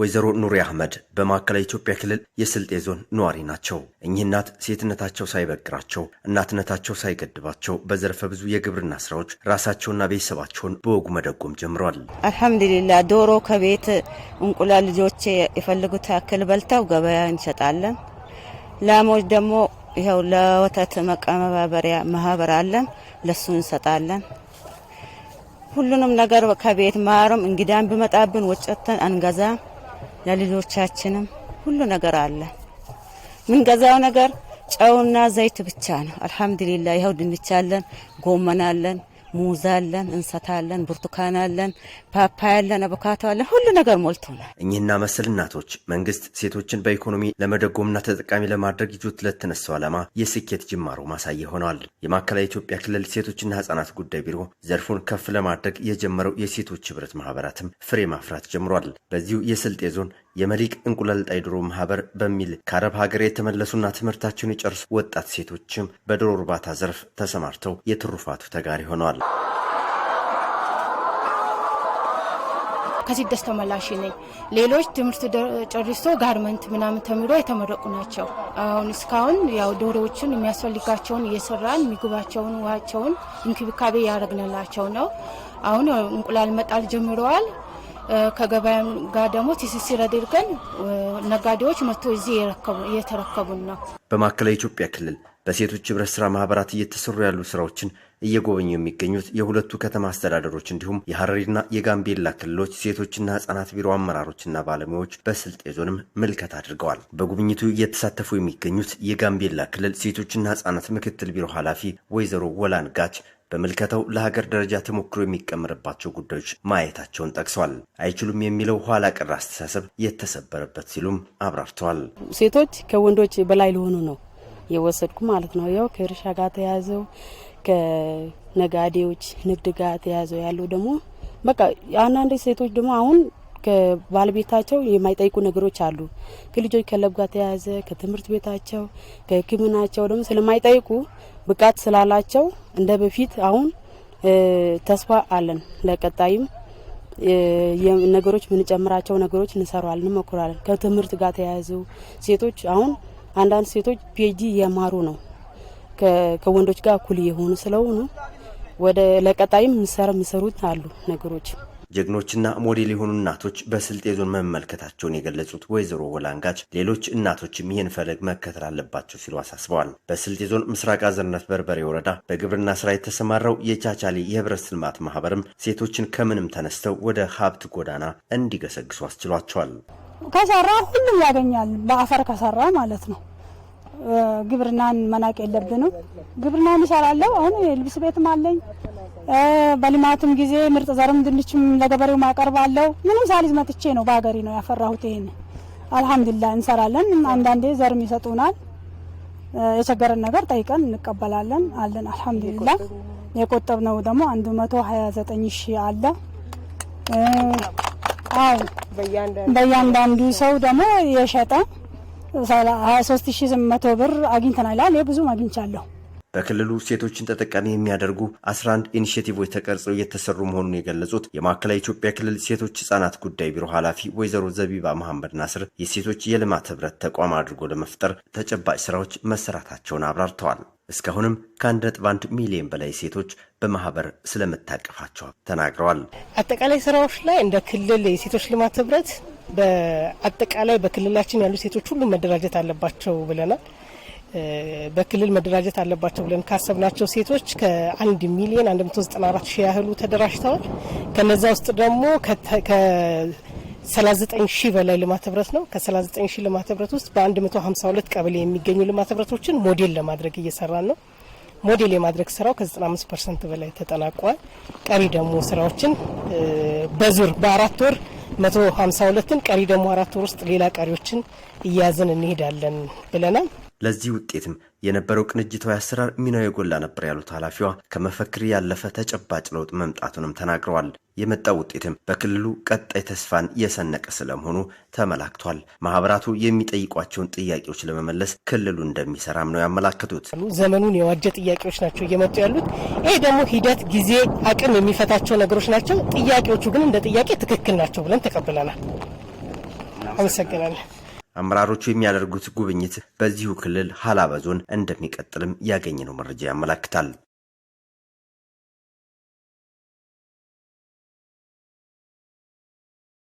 ወይዘሮ ኑሪ አህመድ በማዕከላዊ ኢትዮጵያ ክልል የስልጤ ዞን ነዋሪ ናቸው። እኚህ እናት ሴትነታቸው ሳይበግራቸው እናትነታቸው ሳይገድባቸው በዘርፈ ብዙ የግብርና ስራዎች ራሳቸውና ቤተሰባቸውን በወጉ መደጎም ጀምሯል። አልሐምዱሊላ ዶሮ ከቤት እንቁላል ልጆቼ የፈልጉት ያክል በልተው ገበያ እንሸጣለን። ላሞች ደግሞ ይኸው ለወተት መቀመባበሪያ ማህበር አለን፣ ለሱ እንሰጣለን። ሁሉንም ነገር ከቤት ማርም እንግዳን ብመጣብን ወጨተን አንገዛም። ለልጆቻችንም ሁሉ ነገር አለ ምንገዛው ነገር ጨውና ዘይት ብቻ ነው። አልሐምዱሊላህ ይኸው ጎመን ጎመናለን ሙዝ አለን፣ እንሰት አለን፣ ብርቱካን አለን፣ ፓፓያ አለን፣ አቮካቶ አለን። ሁሉ ነገር ሞልቶናል። እኚህና መሰል እናቶች መንግስት ሴቶችን በኢኮኖሚ ለመደጎምና ተጠቃሚ ለማድረግ ይዞት ለተነሳው ዓላማ የስኬት ጅማሮ ማሳያ ሆነዋል። የማዕከላዊ ኢትዮጵያ ክልል ሴቶችና ህጻናት ጉዳይ ቢሮ ዘርፉን ከፍ ለማድረግ የጀመረው የሴቶች ህብረት ማህበራትም ፍሬ ማፍራት ጀምሯል። በዚሁ የስልጤ ዞን የመሊቅ እንቁላል ጣይ ዶሮ ማህበር በሚል ከአረብ ሀገር የተመለሱና ትምህርታቸውን የጨርሱ ወጣት ሴቶችም በዶሮ እርባታ ዘርፍ ተሰማርተው የትሩፋቱ ተጋሪ ሆነዋል። ከስደት ተመላሽ ነኝ። ሌሎች ትምህርት ጨርሶ ጋርመንት ምናምን ተምሮ የተመረቁ ናቸው። አሁን እስካሁን ያው ዶሮዎችን የሚያስፈልጋቸውን እየሰራን ምግባቸውን፣ ውሃቸውን እንክብካቤ ያደረግንላቸው ነው። አሁን እንቁላል መጣል ጀምረዋል። ከገበያ ጋር ደግሞ ትስስር አድርገን ነጋዴዎች መጥቶ እዚህ እየተረከቡን ነው። በማዕከላዊ ኢትዮጵያ ክልል በሴቶች ህብረት ስራ ማህበራት እየተሰሩ ያሉ ስራዎችን እየጎበኙ የሚገኙት የሁለቱ ከተማ አስተዳደሮች እንዲሁም የሐረሪና የጋምቤላ ክልሎች ሴቶችና ህጻናት ቢሮ አመራሮችና ባለሙያዎች በስልጤ ዞንም መልከት አድርገዋል። በጉብኝቱ እየተሳተፉ የሚገኙት የጋምቤላ ክልል ሴቶችና ህጻናት ምክትል ቢሮ ኃላፊ ወይዘሮ ጋች በምልከተው ለሀገር ደረጃ ተሞክሮ የሚቀመርባቸው ጉዳዮች ማየታቸውን ጠቅሰዋል። አይችሉም የሚለው ኋላ ቀር አስተሳሰብ የተሰበረበት ሲሉም አብራርተዋል። ሴቶች ከወንዶች በላይ ሊሆኑ ነው የወሰድኩ ማለት ነው። ያው ከእርሻ ጋር ተያዘው ከነጋዴዎች ንግድ ጋር ተያዘው ያለው ደግሞ በቃ አንዳንድ ሴቶች ደግሞ አሁን ከባለቤታቸው የማይጠይቁ ነገሮች አሉ። ከልጆች ከለብ ጋር ተያያዘ፣ ከትምህርት ቤታቸው፣ ከሕክምናቸው ደግሞ ስለማይጠይቁ ብቃት ስላላቸው እንደ በፊት አሁን ተስፋ አለን። ለቀጣይም ነገሮች ምንጨምራቸው ነገሮች እንሰራዋለን፣ እንሞክራለን። ከትምህርት ጋር ተያያዙ ሴቶች አሁን አንዳንድ ሴቶች ፒጂ የማሩ ነው ከወንዶች ጋር እኩል የሆኑ ስለሆኑ ወደ ለቀጣይም ምሰር ምሰሩት አሉ ነገሮች ጀግኖችና ሞዴል የሆኑ እናቶች በስልጤ ዞን መመልከታቸውን የገለጹት ወይዘሮ ወላንጋች ሌሎች እናቶችም ይህን ፈለግ መከተል አለባቸው ሲሉ አሳስበዋል። በስልጤ ዞን ምስራቅ አዘርነት በርበሬ ወረዳ በግብርና ስራ የተሰማራው የቻቻሌ የህብረት ልማት ማህበርም ሴቶችን ከምንም ተነስተው ወደ ሀብት ጎዳና እንዲገሰግሱ አስችሏቸዋል። ከሰራ ሁሉም ያገኛል። በአፈር ከሰራ ማለት ነው። ግብርናን መናቅ የለብንም። ግብርናን ይሰራለሁ። አሁን የልብስ ቤትም አለኝ በልማትም ጊዜ ምርጥ ዘርም ድንችም ለገበሬው ማቀርባለው። ምንም ሳሊዝ መጥቼ ነው በሀገሪ ነው ያፈራሁት። ይሄን አልሐምዱላ እንሰራለን። አንዳንዴ ዘርም ይሰጡናል። የቸገረን ነገር ጠይቀን እንቀበላለን አለን። የቆጠብ የቆጠብነው ደግሞ አንድ መቶ ሀያ ዘጠኝ ሺ አለ። አዎ በእያንዳንዱ ሰው ደግሞ የሸጠ ሀያ ሶስት ሺ ስምንት መቶ ብር አግኝተናል። ብዙም አግኝቻለሁ። በክልሉ ሴቶችን ተጠቃሚ የሚያደርጉ 11 ኢኒሽቲቮች ተቀርጸው እየተሰሩ መሆኑን የገለጹት የማዕከላዊ ኢትዮጵያ ክልል ሴቶች ህጻናት ጉዳይ ቢሮ ኃላፊ ወይዘሮ ዘቢባ መሐመድ ናስር የሴቶች የልማት ህብረት ተቋም አድርጎ ለመፍጠር ተጨባጭ ስራዎች መሰራታቸውን አብራርተዋል። እስካሁንም ከ1.1 ሚሊዮን በላይ ሴቶች በማህበር ስለመታቀፋቸው ተናግረዋል። አጠቃላይ ስራዎች ላይ እንደ ክልል የሴቶች ልማት ህብረት በአጠቃላይ በክልላችን ያሉ ሴቶች ሁሉም መደራጀት አለባቸው ብለናል። በክልል መደራጀት አለባቸው ብለን ካሰብናቸው ሴቶች ከአንድ ሚሊዮን አራት ሺህ ያህሉ ተደራጅተዋል። ከነዛ ውስጥ ደግሞ ከ39 ሺህ በላይ ልማት ህብረት ነው። ዘጠኝ ሺህ ልማት ህብረት ውስጥ በ ሁለት ቀበሌ የሚገኙ ልማት ህብረቶችን ሞዴል ለማድረግ እየሰራን ነው። ሞዴል የማድረግ ስራው ከ95 ፐርሰንት በላይ ተጠናቋል። ቀሪ ደግሞ ስራዎችን በዙር በአራት ወር ሀምሳ ሁለትን ቀሪ ደግሞ አራት ወር ውስጥ ሌላ ቀሪዎችን እያያዝን እንሄዳለን ብለናል። ለዚህ ውጤትም የነበረው ቅንጅታዊ አሰራር ሚናው የጎላ ነበር ያሉት ኃላፊዋ ከመፈክር ያለፈ ተጨባጭ ለውጥ መምጣቱንም ተናግረዋል። የመጣው ውጤትም በክልሉ ቀጣይ ተስፋን የሰነቀ ስለመሆኑ ተመላክቷል። ማህበራቱ የሚጠይቋቸውን ጥያቄዎች ለመመለስ ክልሉ እንደሚሰራም ነው ያመላከቱት። ዘመኑን የዋጀ ጥያቄዎች ናቸው እየመጡ ያሉት። ይሄ ደግሞ ሂደት፣ ጊዜ፣ አቅም የሚፈታቸው ነገሮች ናቸው። ጥያቄዎቹ ግን እንደ ጥያቄ ትክክል ናቸው ብለን ተቀብለናል። አመሰግናለን። አመራሮቹ የሚያደርጉት ጉብኝት በዚሁ ክልል ሀላባ ዞን እንደሚቀጥልም ያገኘነው መረጃ ያመላክታል።